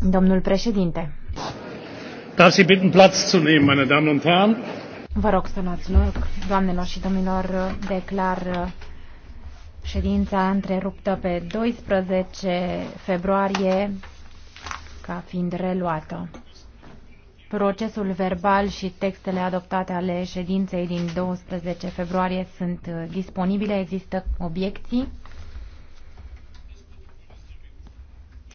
Domnul președinte. Darf Sie bitten Platz zu nehmen, meine Damen und Herren. Vă rog să luați loc, doamnelor și domnilor, declar uh, ședința întreruptă pe 12 februarie ca fiind reluată. Procesul verbal și textele adoptate ale ședinței din 12 februarie sunt uh, disponibile. Există obiecții?